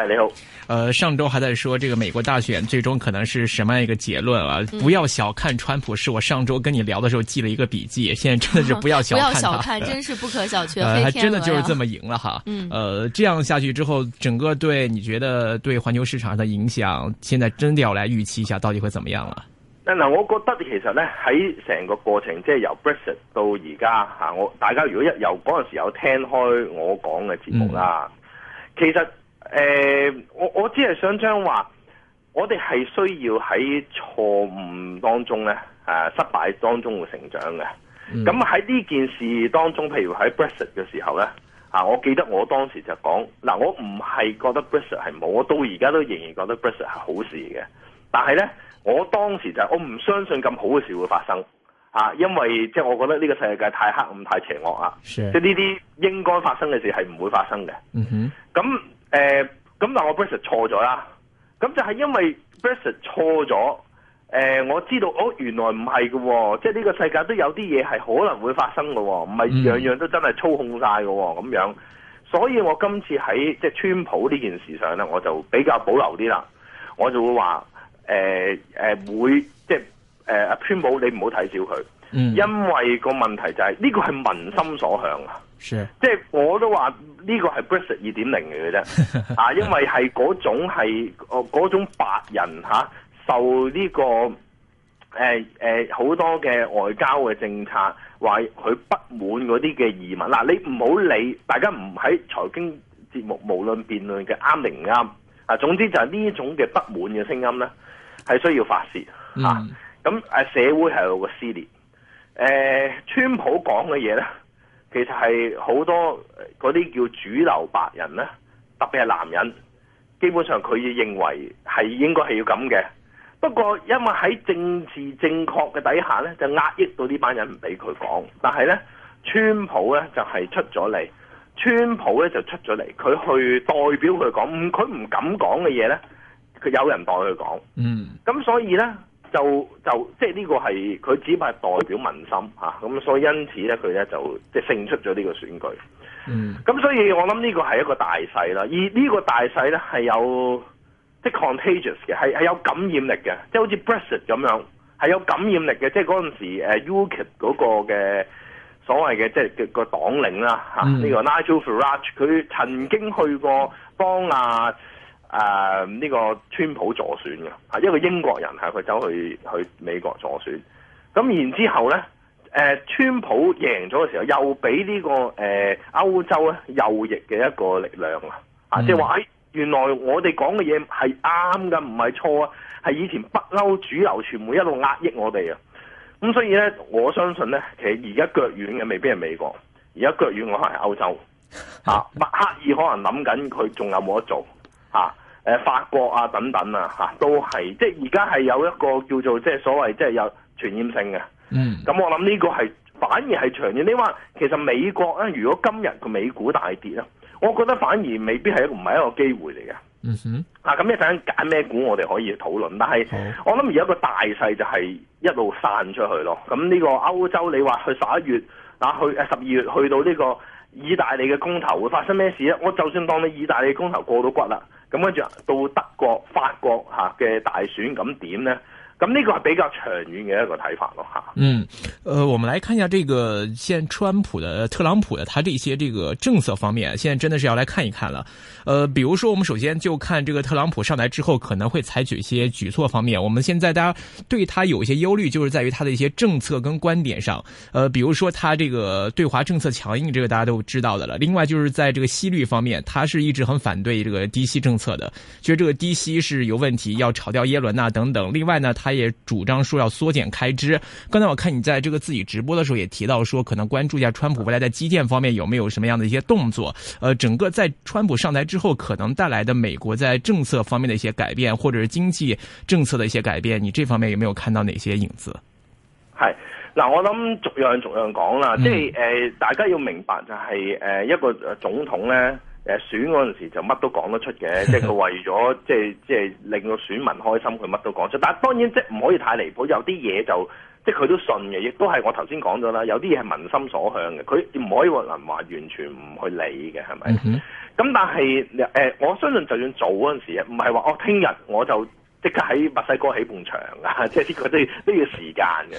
係你好，呃，上周還在說這個美國大選最終可能是什麼樣一個結論啊？嗯、不要小看川普，是我上周跟你聊的時候記了一個筆記，現在真的是不要小看、哦、不要小看，真是不可小覷。還、呃啊呃、真的就是這麼贏了哈。嗯，呃這樣下去之後，整個對你覺得對環球市場的影響，現在真的要來預期一下，到底會怎麼樣啦？嗱、嗯，我覺得其實呢喺成個過程，即係由 Brexit 到而家吓，我大家如果一由嗰陣時有聽開我講嘅節目啦，其實。誒、呃，我我只係想將話，我哋係需要喺錯誤當中咧，誒、啊、失敗當中會成長嘅。咁喺呢件事當中，譬如喺 Brexit 嘅時候咧，啊，我記得我當時就講，嗱、啊，我唔係覺得 Brexit 係冇，我到而家都仍然覺得 Brexit 係好事嘅。但係咧，我當時就係我唔相信咁好嘅事會發生，啊，因為即係、就是、我覺得呢個世界太黑暗、太邪惡啊，即係呢啲應該發生嘅事係唔會發生嘅。嗯哼、mm，咁、hmm.。誒，咁嗱、呃，但我 Brexit 錯咗啦，咁就係因為 Brexit 錯咗，誒、呃，我知道，哦，原來唔係嘅，即係呢個世界都有啲嘢係可能會發生嘅，哦，唔係樣樣都真係操控晒嘅，哦，咁樣，所以我今次喺即係川普呢件事上咧，我就比較保留啲啦，我就會話，誒、呃，誒、呃，會，即係，誒、呃，阿川普你唔好睇小佢，因為個問題就係、是、呢、這個係民心所向啊。 即係我都話呢、這個係 Brexit 二點零嚟嘅啫，啊，因為係嗰種係哦嗰種白人吓、啊、受呢、這個誒誒好多嘅外交嘅政策，話佢不滿嗰啲嘅移民嗱，你唔好理，大家唔喺財經節目無論辯論嘅啱定唔啱啊，總之就係呢種嘅不滿嘅聲音咧，係需要發洩啊，咁、嗯、啊社會係有個撕裂，誒、呃、川普講嘅嘢咧。其實係好多嗰啲叫主流白人咧，特別係男人，基本上佢認為係應該係要咁嘅。不過因為喺政治正確嘅底下呢就壓抑到呢班人唔俾佢講。但係呢，川普呢就係出咗嚟，川普呢就出咗嚟，佢去代表佢講，佢唔敢講嘅嘢呢，佢有人代佢講。嗯，咁所以呢。就就即係呢個係，佢只係代表民心吓，咁啊，所以因此咧佢咧就即係勝出咗呢個選舉，嗯，咁所以我諗呢個係一個大勢啦，而呢個大勢咧係有即係 contagious 嘅，係係有感染力嘅，即係好似 Brexit 咁樣，係有感染力嘅。即係嗰陣時誒 UKIP 嗰個嘅所謂嘅即係個黨領啦吓，呢個 Nigel Farage 佢曾經去過幫啊。啊！呢、嗯這個川普助選嘅啊，一個英國人係佢走去去美國助選。咁然之後咧，誒、呃、川普贏咗嘅時候，又俾呢、這個誒、呃、歐洲咧右翼嘅一個力量啊！啊，即係話誒原來我哋講嘅嘢係啱㗎，唔係錯啊！係以前北歐主流傳媒一路壓抑我哋啊！咁所以咧，我相信咧，其實而家腳軟嘅未必係美國，而家腳軟可能係歐洲啊。默克爾可能諗緊佢仲有冇得做啊？誒法國啊，等等啊，都係，即係而家係有一個叫做即係所謂即係有傳染性嘅。嗯，咁我諗呢個係反而係長遠。你話其實美國咧，如果今日個美股大跌咧，我覺得反而未必係一個唔係一個機會嚟嘅。嗯哼，嗱咁你陣間揀咩股我哋可以討論。但係、嗯、我諗而家個大勢就係一路散出去咯。咁呢個歐洲你話去十一月，啊、去、啊、十二月去到呢個意大利嘅公投會發生咩事咧？我就算當你意大利公投過到骨啦。咁跟住到德國、法國吓嘅大選呢，咁點咧？咁呢個係比較長遠嘅一個睇法，咯嚇。嗯，呃，我們來看一下這個，現川普的特朗普的，他這些這個政策方面，現在真的是要來看一看了。呃，比如說我們首先就看這個特朗普上台之後可能會採取一些舉措方面。我們現在大家對他有一些憂慮，就是在於他的一些政策跟觀點上。呃，比如說他這個對華政策強硬，這個大家都知道的了。另外，就是在這個息率方面，他是一直很反對這個低息政策的，覺得這個低息是有問題，要炒掉耶倫啊等等。另外呢，他也主張說要縮減開支。剛才我看你在這個自己直播的時候，也提到說可能關注一下川普未來在基建方面有沒有什麼樣的一些動作。呃，整個在川普上台之後可能帶來的美國在政策方面的一些改變，或者是經濟政策的一些改變，你這方面有沒有看到哪些影子？係嗱，我諗逐樣逐樣講啦，即係誒，大家要明白就係、是、誒、呃、一個總統呢。誒選嗰陣時就乜都講得出嘅，即係佢為咗即係即係令個選民開心，佢乜都講出。但係當然即係唔可以太離譜，有啲嘢就即係佢都信嘅，亦都係我頭先講咗啦。有啲嘢係民心所向嘅，佢唔可以話能話完全唔去理嘅，係咪？咁、嗯、哼但係誒、欸，我相信就算早嗰陣時，唔係話我聽日我就即刻喺墨西哥起半場嘅，即係呢個都要、都要時間嘅。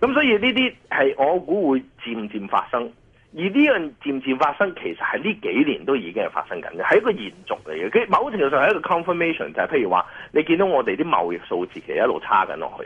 咁所以呢啲係我估會漸漸發生。而呢樣漸漸發生，其實係呢幾年都已經係發生緊嘅，係一個延續嚟嘅。佢某程度上係一個 confirmation，就係譬如話，你見到我哋啲貿易數字其實一路差緊落去，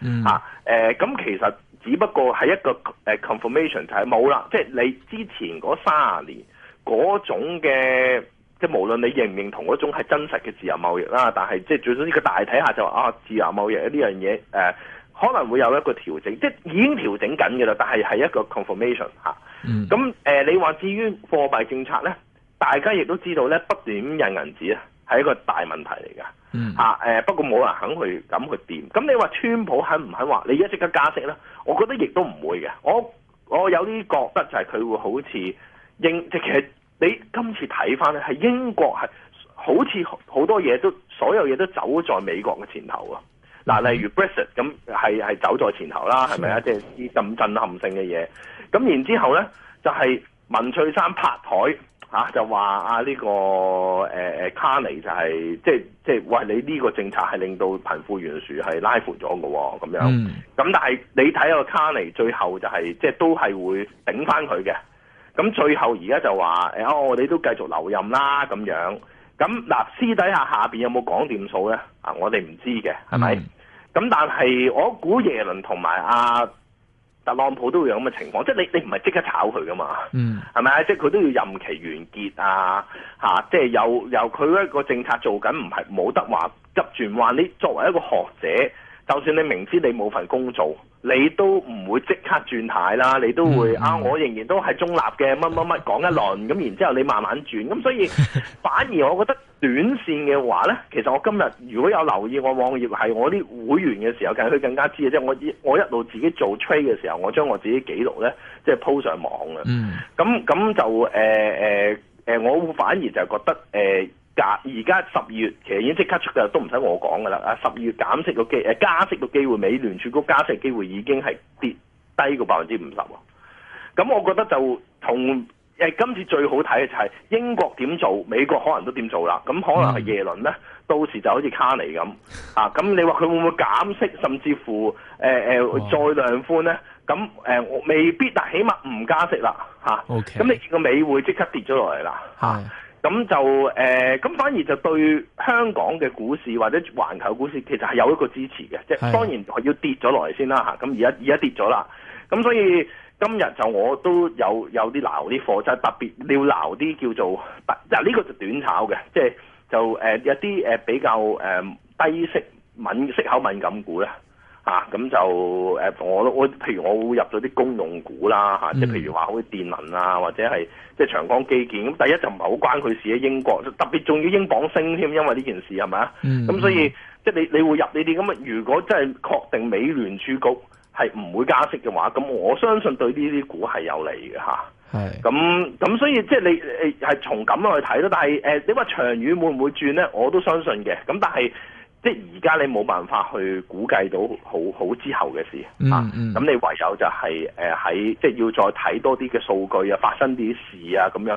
嚇誒、嗯。咁、啊呃、其實只不過係一個誒 confirmation，就係冇啦。即係你之前嗰卅年嗰種嘅，即係無論你認唔認同嗰種係真實嘅自由貿易啦，但係即係最終呢個大體下就話啊自由貿易呢樣嘢誒、呃、可能會有一個調整，即係已經調整緊嘅啦。但係係一個 confirmation 嚇、啊。咁誒、嗯呃，你話至於貨幣政策咧，大家亦都知道咧，不斷印銀紙啊，係一個大問題嚟㗎。吓誒、嗯啊呃，不過冇人肯去咁去掂。咁你話川普肯唔肯話你一即刻加息咧？我覺得亦都唔會嘅。我我有啲覺得就係佢會好似英，其實你今次睇翻咧，係英國係好似好多嘢都，所有嘢都走咗在美國嘅前頭啊。嗱，例如 Brexit 咁係係走在前頭啦，係咪啊？即係啲咁震撼性嘅嘢，咁然之後咧就係、是、文翠珊拍台吓、啊，就話啊呢、這個誒誒、呃、卡尼就係即係即係話你呢個政策係令到貧富懸殊係拉闊咗嘅喎，咁樣。咁、嗯、但係你睇吓卡尼最後就係即係都係會頂翻佢嘅，咁最後而家就話誒，我、哎、哋、哦、都繼續留任啦咁樣。咁嗱，私底下下邊有冇講掂數咧？Mm. 啊，我哋唔知嘅，係咪？咁但係我估耶倫同埋阿特朗普都會有咁嘅情況，即係你你唔係即刻炒佢噶嘛？嗯，係咪？即係佢都要任期完結啊！啊，即係由由佢一個政策做緊，唔係冇得話急轉彎。你作為一個學者，就算你明知你冇份工做。你都唔會即刻轉軚啦，你都會、嗯、啊，我仍然都係中立嘅乜乜乜講一輪，咁然之後你慢慢轉，咁所以反而我覺得短線嘅話呢，其實我今日如果有留意我網頁係我啲會員嘅時候，梗佢更加知嘅，即、就、係、是、我我一路自己做 trade 嘅時候，我將我自己記錄呢，即係鋪上網嘅，咁咁、嗯、就誒誒、呃呃，我反而就覺得誒。呃而家十二月其實已經即刻出嘅，都唔使我講嘅啦。啊，十二月減息嘅機誒加息嘅機會，美聯儲局加息嘅機會已經係跌低過百分之五十喎。咁我覺得就同誒今次最好睇嘅就係英國點做，美國可能都點做啦。咁可能係耶倫咧，mm. 到時就好似卡尼咁啊。咁你話佢會唔會減息，甚至乎誒誒、呃 oh. 再量寬咧？咁誒、呃、未必，但起碼唔加息啦嚇。O Okay . K、啊。咁你個美會即刻跌咗落嚟啦嚇。咁就誒，咁、呃、反而就對香港嘅股市或者環球股市其實係有一個支持嘅，即係的當然係要跌咗落嚟先啦，咁而家而家跌咗啦，咁所以今日就我都有有啲撈啲貨，就係特別要撈啲叫做嗱呢個就短炒嘅，即係就誒有啲誒比較誒、呃、低息敏息口敏感股啦。啊，咁就誒、啊，我我譬如我會入咗啲公用股啦，即係、嗯、譬如話好似電能啊，或者係即係長江基建。咁第一就唔係好關佢事咧，英國特別仲要英鎊升添，因為呢件事係咪啊？咁、嗯、所以、嗯、即係你你會入呢啲咁啊？如果真係確定美聯儲局係唔會加息嘅話，咁我相信對呢啲股係有利嘅，吓咁咁，是所以即係你係從咁去睇咯。但係、呃、你話長遠會唔會轉咧？我都相信嘅。咁但係。即係而家你冇辦法去估計到好好之後嘅事，嗯嗯啊！咁你唯有就係誒，喺即係要再睇多啲嘅數據啊，發生啲事啊咁樣。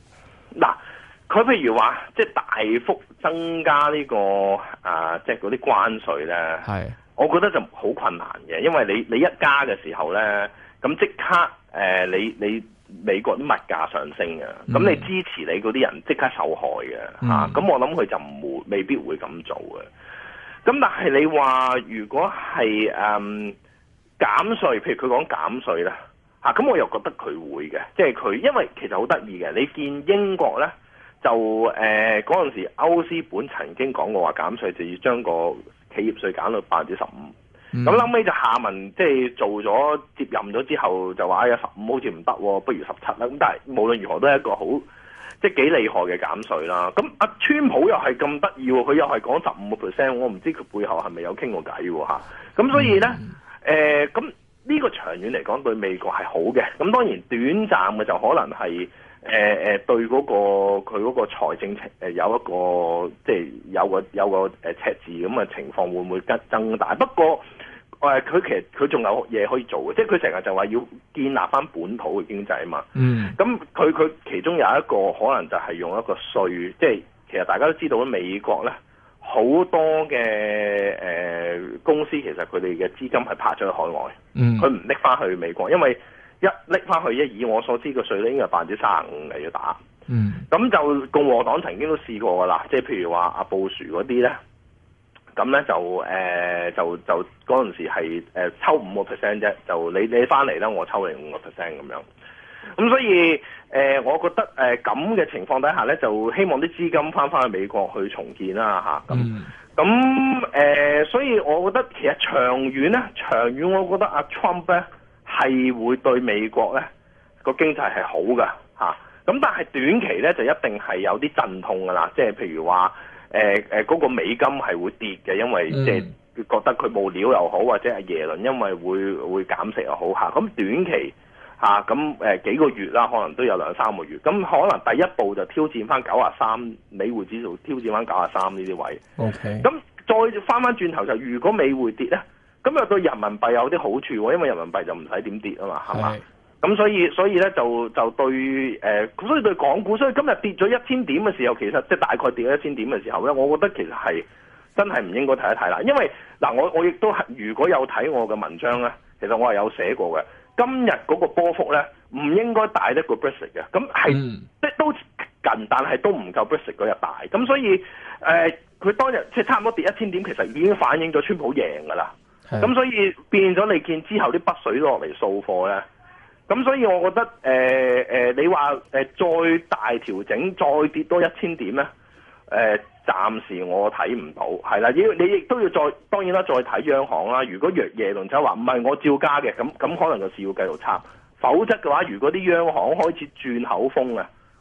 佢譬如話，即係大幅增加呢個啊，即係嗰啲關稅咧。係，我覺得就好困難嘅，因為你你一加嘅時候咧，咁即刻誒，你你美國啲物價上升嘅，咁你支持你嗰啲人即刻受害嘅嚇。咁我諗佢就唔會未必會咁做嘅。咁但係你話如果係誒減稅，譬如佢講減稅咧嚇，咁我又覺得佢會嘅，即係佢因為其實好得意嘅，你見英國咧。就誒嗰陣時，歐斯本曾經講過話減稅就要將個企業稅減到百分之十五。咁諗尾就下文，即係做咗接任咗之後就話哎呀，十五好似唔得，不如十七啦。咁但係無論如何都係一個好即係幾厲害嘅減稅啦。咁阿川普又係咁得意，佢又係講十五個 percent，我唔知佢背後係咪有傾過偈喎。咁所以咧誒，咁呢個長遠嚟講對美國係好嘅。咁當然短暫嘅就可能係。誒誒、呃呃，對嗰、那個佢嗰個財政誒、呃、有一個，即係有個有個誒、呃、赤字咁嘅情況會唔會增增大？不過誒，佢、呃、其實佢仲有嘢可以做嘅，即係佢成日就話要建立翻本土嘅經濟啊嘛。嗯，咁佢佢其中有一個可能就係用一個稅，即係其實大家都知道喺美國咧好多嘅誒、呃、公司其實佢哋嘅資金係拍咗去海外。嗯，佢唔拎翻去美國，因為。一拎翻去啫，以我所知嘅稅率，應該係百分之三十五嚟要打。嗯，咁就共和黨曾經都試過㗎啦，即係譬如話阿布殊嗰啲咧，咁咧就誒、呃、就就嗰陣時係、呃、抽五個 percent 啫，就你你翻嚟啦，我抽你五個 percent 咁樣。咁所以誒、呃，我覺得誒咁嘅情況底下咧，就希望啲資金翻翻去美國去重建啦嚇。咁咁誒，所以我覺得其實長遠咧，長遠我覺得阿、啊、Trump 咧。係會對美國咧個經濟係好噶吓，咁、啊、但係短期咧就一定係有啲陣痛噶啦，即係譬如話誒誒嗰個美金係會跌嘅，因為即係覺得佢冇料又好，或者係耶倫因為會會減息又好吓，咁、啊、短期吓咁誒幾個月啦，可能都有兩三個月，咁、啊、可能第一步就挑戰翻九啊三美匯指數，挑戰翻九 Okay. 啊三呢啲位。O K，咁再翻翻轉頭就如果美匯跌咧，咁又對人民幣有啲好處喎，因為人民幣就唔使點跌啊嘛，係嘛？咁是所以所以咧就就對誒、呃，所以對港股，所以今日跌咗一千點嘅時候，其實即係、就是、大概跌咗一千點嘅時候咧，我覺得其實係真係唔應該睇一睇啦。因為嗱，我我亦都係如果有睇我嘅文章咧，其實我係有寫過嘅。今日嗰個波幅咧唔應該大得過 Brexit 嘅，咁係即都近，但係都唔夠 Brexit 嗰日大。咁所以誒，佢、呃、當日即係差唔多跌一千點，其實已經反映咗川普贏㗎啦。咁所以變咗你見之後啲北水落嚟掃貨咧，咁所以我覺得誒誒、呃呃，你話誒再大調整再，再跌多一千點咧，誒、呃、暫時我睇唔到，係啦，要你亦都要再當然啦，再睇央行啦。如果若耶倫就話唔係我照加嘅，咁咁可能就事要繼續插，否則嘅話，如果啲央行開始轉口風嘅。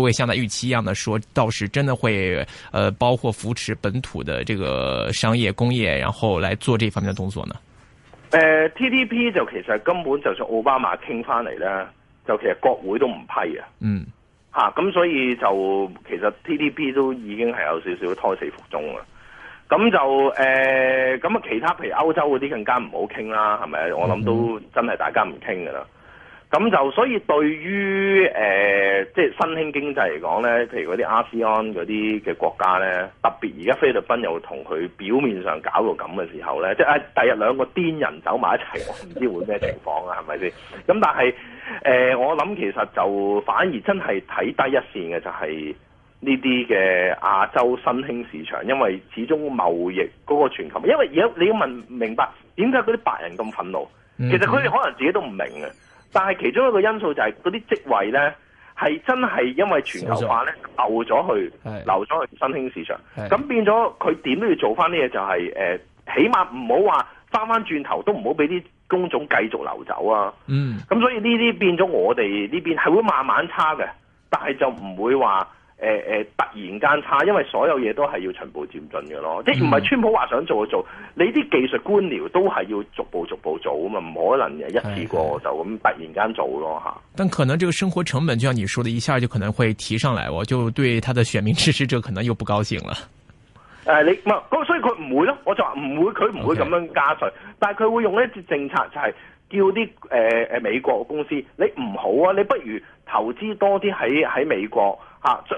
都會像佢預期一樣，的說到時真的會、呃，包括扶持本土的這個商業、工業，然後來做這方面的動作呢？誒、呃、，TDP 就其實根本就算奧巴馬傾翻嚟呢，就其實國會都唔批的、嗯、啊。嗯，吓咁所以就其實 TDP 都已經係有少少胎死腹中啦。咁就誒，咁、呃、啊其他譬如歐洲嗰啲更加唔好傾啦，係咪？我諗都真係大家唔傾噶啦。嗯咁就所以對於誒、呃、即係新興經濟嚟講咧，譬如嗰啲亞細安嗰啲嘅國家咧，特別而家菲律賓又同佢表面上搞到咁嘅時候咧，即係、啊、第日兩個癲人走埋一齊，我唔知會咩情況啊？係咪先？咁但係誒、呃，我諗其實就反而真係睇低一線嘅就係呢啲嘅亞洲新興市場，因為始終貿易嗰個全球，因為而家你要問明白點解嗰啲白人咁憤怒，其實佢哋可能自己都唔明嘅。但係其中一個因素就係嗰啲職位呢，係真係因為全球化呢，流咗去，的流咗去新興市場。咁的變咗佢點都要做翻啲嘢，就、呃、係起碼唔好話翻翻轉頭都唔好俾啲工種繼續流走啊。嗯，咁所以呢啲變咗我哋呢邊係會慢慢差嘅，但係就唔會話。誒誒、呃，突然間差，因為所有嘢都係要循序漸進嘅咯，即係唔係川普話想做就做，你啲技術官僚都係要逐步逐步做啊嘛，唔可能一次過就咁突然間做咯嚇。但可能這個生活成本，就像你說的一下就可能會提上來，我就對他的選民支持者可能又不高興啦。誒、呃，你所以佢唔會咯，我就話唔會，佢唔會咁樣加稅，Okay. 但係佢會用一啲政策就係叫啲誒誒美國公司，你唔好啊，你不如投資多啲喺喺美國。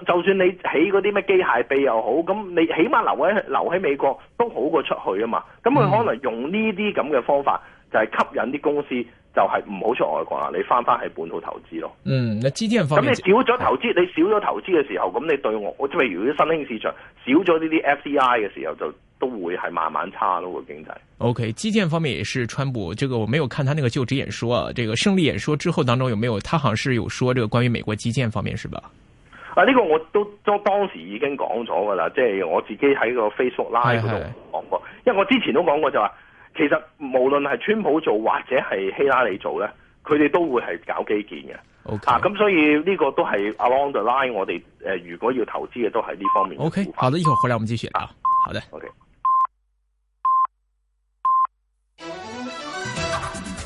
就算你起嗰啲咩機械臂又好，咁你起碼留喺留喺美國都好過出去啊嘛。咁佢可能用呢啲咁嘅方法，就係吸引啲公司就係唔好出外國啦，你翻翻係本土投資咯。嗯，嗱基建方面咁你少咗投資，哎、你少咗投資嘅時候，咁你對我我即係如果新興市場少咗呢啲 F C I 嘅時候，就都會係慢慢差咯個經濟。Okay，基建方面也是，川普，這個我沒有看他那個就職演說，啊，這個勝利演說之後當中有沒有。他好像是有說這個關於美國基建方面，是吧？啊！呢個我都當當時已經講咗㗎啦，即係我自己喺個 Facebook Live 度講是的 過，是的 因為我之前都講過就話、是，其實無論係川普做或者係希拉里做咧，佢哋都會係搞基建嘅。O Okay K、啊。咁所以呢個都係 Along the Line，我哋誒如果要投資嘅都係呢方面的。O K。好的，一會回來我們繼續啊。好的。O K。